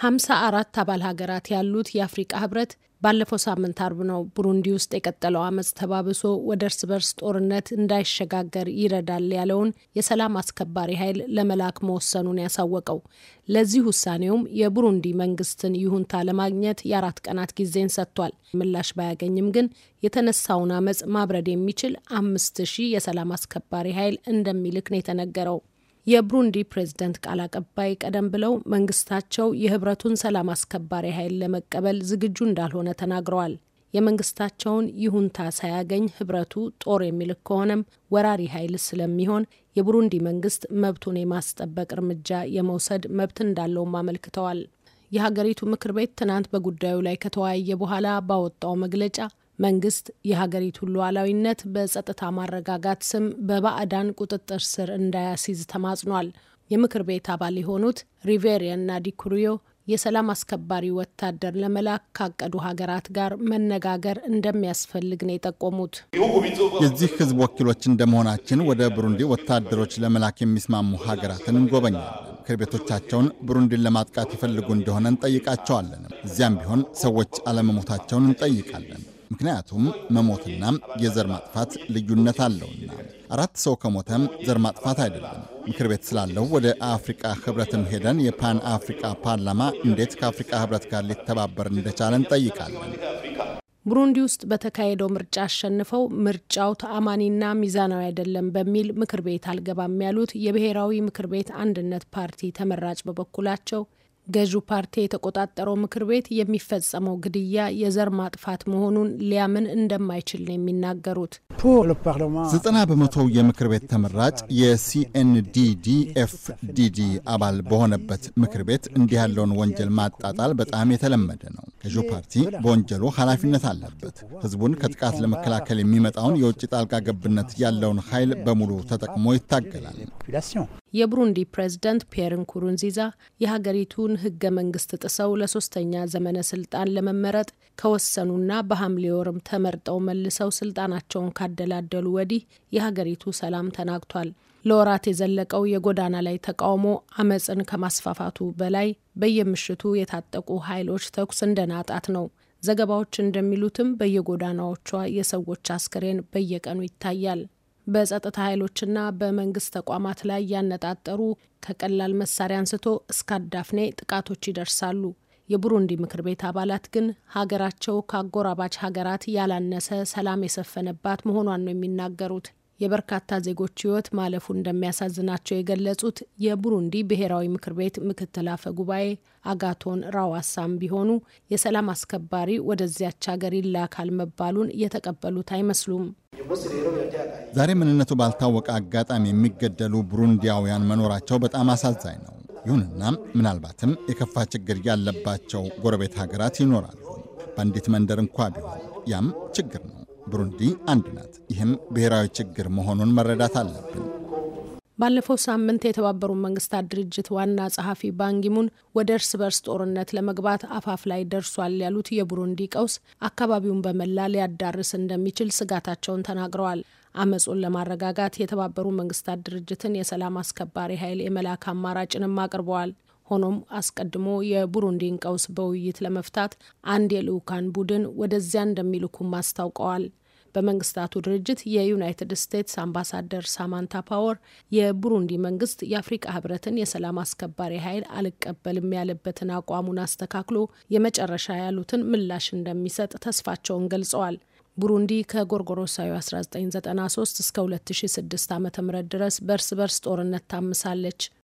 ሀምሳ አራት አባል ሀገራት ያሉት የአፍሪቃ ህብረት ባለፈው ሳምንት አርብ ነው ቡሩንዲ ውስጥ የቀጠለው አመፅ ተባብሶ ወደ እርስ በርስ ጦርነት እንዳይሸጋገር ይረዳል ያለውን የሰላም አስከባሪ ኃይል ለመላክ መወሰኑን ያሳወቀው። ለዚህ ውሳኔውም የቡሩንዲ መንግስትን ይሁንታ ለማግኘት የአራት ቀናት ጊዜን ሰጥቷል። ምላሽ ባያገኝም ግን የተነሳውን አመፅ ማብረድ የሚችል አምስት ሺህ የሰላም አስከባሪ ኃይል እንደሚልክ ነው የተነገረው። የብሩንዲ ፕሬዝደንት ቃል አቀባይ ቀደም ብለው መንግስታቸው የህብረቱን ሰላም አስከባሪ ኃይል ለመቀበል ዝግጁ እንዳልሆነ ተናግረዋል። የመንግስታቸውን ይሁንታ ሳያገኝ ህብረቱ ጦር የሚልክ ከሆነም ወራሪ ኃይል ስለሚሆን የቡሩንዲ መንግስት መብቱን የማስጠበቅ እርምጃ የመውሰድ መብት እንዳለውም አመልክተዋል። የሀገሪቱ ምክር ቤት ትናንት በጉዳዩ ላይ ከተወያየ በኋላ ባወጣው መግለጫ መንግስት የሀገሪቱ ሉዓላዊነት በጸጥታ ማረጋጋት ስም በባዕዳን ቁጥጥር ስር እንዳያሲዝ ተማጽኗል። የምክር ቤት አባል የሆኑት ሪቬሪያና ዲኩሪዮ የሰላም አስከባሪ ወታደር ለመላክ ካቀዱ ሀገራት ጋር መነጋገር እንደሚያስፈልግ ነው የጠቆሙት። የዚህ ህዝብ ወኪሎች እንደመሆናችን ወደ ብሩንዲ ወታደሮች ለመላክ የሚስማሙ ሀገራትን እንጎበኛለን። ምክር ቤቶቻቸውን ብሩንዲን ለማጥቃት ይፈልጉ እንደሆነ እንጠይቃቸዋለን። እዚያም ቢሆን ሰዎች አለመሞታቸውን እንጠይቃለን። ምክንያቱም መሞትና የዘር ማጥፋት ልዩነት አለውና። አራት ሰው ከሞተም ዘር ማጥፋት አይደለም። ምክር ቤት ስላለው ወደ አፍሪቃ ህብረትም ሄደን የፓን አፍሪቃ ፓርላማ እንዴት ከአፍሪቃ ህብረት ጋር ሊተባበር እንደቻለ እንጠይቃለን። ቡሩንዲ ውስጥ በተካሄደው ምርጫ አሸንፈው ምርጫው ተአማኒና ሚዛናዊ አይደለም በሚል ምክር ቤት አልገባም ያሉት የብሔራዊ ምክር ቤት አንድነት ፓርቲ ተመራጭ በበኩላቸው ገዢው ፓርቲ የተቆጣጠረው ምክር ቤት የሚፈጸመው ግድያ የዘር ማጥፋት መሆኑን ሊያምን እንደማይችል ነው የሚናገሩት። ዘጠና በመቶ የምክር ቤት ተመራጭ የሲኤንዲዲኤፍዲዲ አባል በሆነበት ምክር ቤት እንዲህ ያለውን ወንጀል ማጣጣል በጣም የተለመደ ነው። ገዢው ፓርቲ በወንጀሉ ኃላፊነት አለበት። ህዝቡን ከጥቃት ለመከላከል የሚመጣውን የውጭ ጣልቃ ገብነት ያለውን ኃይል በሙሉ ተጠቅሞ ይታገላል። የብሩንዲ ፕሬዝደንት ፒየር ንኩሩንዚዛ የሀገሪቱን ህገ መንግስት ጥሰው ለሶስተኛ ዘመነ ስልጣን ለመመረጥ ከወሰኑና በሐምሌ ወርም ተመርጠው መልሰው ስልጣናቸውን ካደላደሉ ወዲህ የሀገሪቱ ሰላም ተናግቷል። ለወራት የዘለቀው የጎዳና ላይ ተቃውሞ አመፅን ከማስፋፋቱ በላይ በየምሽቱ የታጠቁ ኃይሎች ተኩስ እንደናጣት ነው። ዘገባዎች እንደሚሉትም በየጎዳናዎቿ የሰዎች አስክሬን በየቀኑ ይታያል። በጸጥታ ኃይሎችና በመንግስት ተቋማት ላይ ያነጣጠሩ ከቀላል መሳሪያ አንስቶ እስከ አዳፍኔ ጥቃቶች ይደርሳሉ። የቡሩንዲ ምክር ቤት አባላት ግን ሀገራቸው ከአጎራባች ሀገራት ያላነሰ ሰላም የሰፈነባት መሆኗን ነው የሚናገሩት። የበርካታ ዜጎች ህይወት ማለፉ እንደሚያሳዝናቸው የገለጹት የቡሩንዲ ብሔራዊ ምክር ቤት ምክትል አፈ ጉባኤ አጋቶን ራዋሳም ቢሆኑ የሰላም አስከባሪ ወደዚያች ሀገር ይላካል መባሉን የተቀበሉት አይመስሉም። ዛሬ ምንነቱ ባልታወቀ አጋጣሚ የሚገደሉ ቡሩንዲያውያን መኖራቸው በጣም አሳዛኝ ነው። ይሁንና ምናልባትም የከፋ ችግር ያለባቸው ጎረቤት ሀገራት ይኖራሉ፣ በአንዲት መንደር እንኳ ቢሆን ያም ችግር ነው። ብሩንዲ አንድ ናት። ይህም ብሔራዊ ችግር መሆኑን መረዳት አለብን። ባለፈው ሳምንት የተባበሩት መንግስታት ድርጅት ዋና ጸሐፊ ባንጊሙን ወደ እርስ በርስ ጦርነት ለመግባት አፋፍ ላይ ደርሷል ያሉት የቡሩንዲ ቀውስ አካባቢውን በመላ ሊያዳርስ እንደሚችል ስጋታቸውን ተናግረዋል። አመፁን ለማረጋጋት የተባበሩ መንግስታት ድርጅትን የሰላም አስከባሪ ኃይል የመላክ አማራጭንም አቅርበዋል። ሆኖም አስቀድሞ የቡሩንዲን ቀውስ በውይይት ለመፍታት አንድ የልዑካን ቡድን ወደዚያ እንደሚልኩም አስታውቀዋል። በመንግስታቱ ድርጅት የዩናይትድ ስቴትስ አምባሳደር ሳማንታ ፓወር የቡሩንዲ መንግስት የአፍሪቃ ህብረትን የሰላም አስከባሪ ኃይል አልቀበልም ያለበትን አቋሙን አስተካክሎ የመጨረሻ ያሉትን ምላሽ እንደሚሰጥ ተስፋቸውን ገልጸዋል። ቡሩንዲ ከጎርጎሮሳዊ 1993 እስከ 2006 ዓ ም ድረስ በእርስ በርስ ጦርነት ታምሳለች።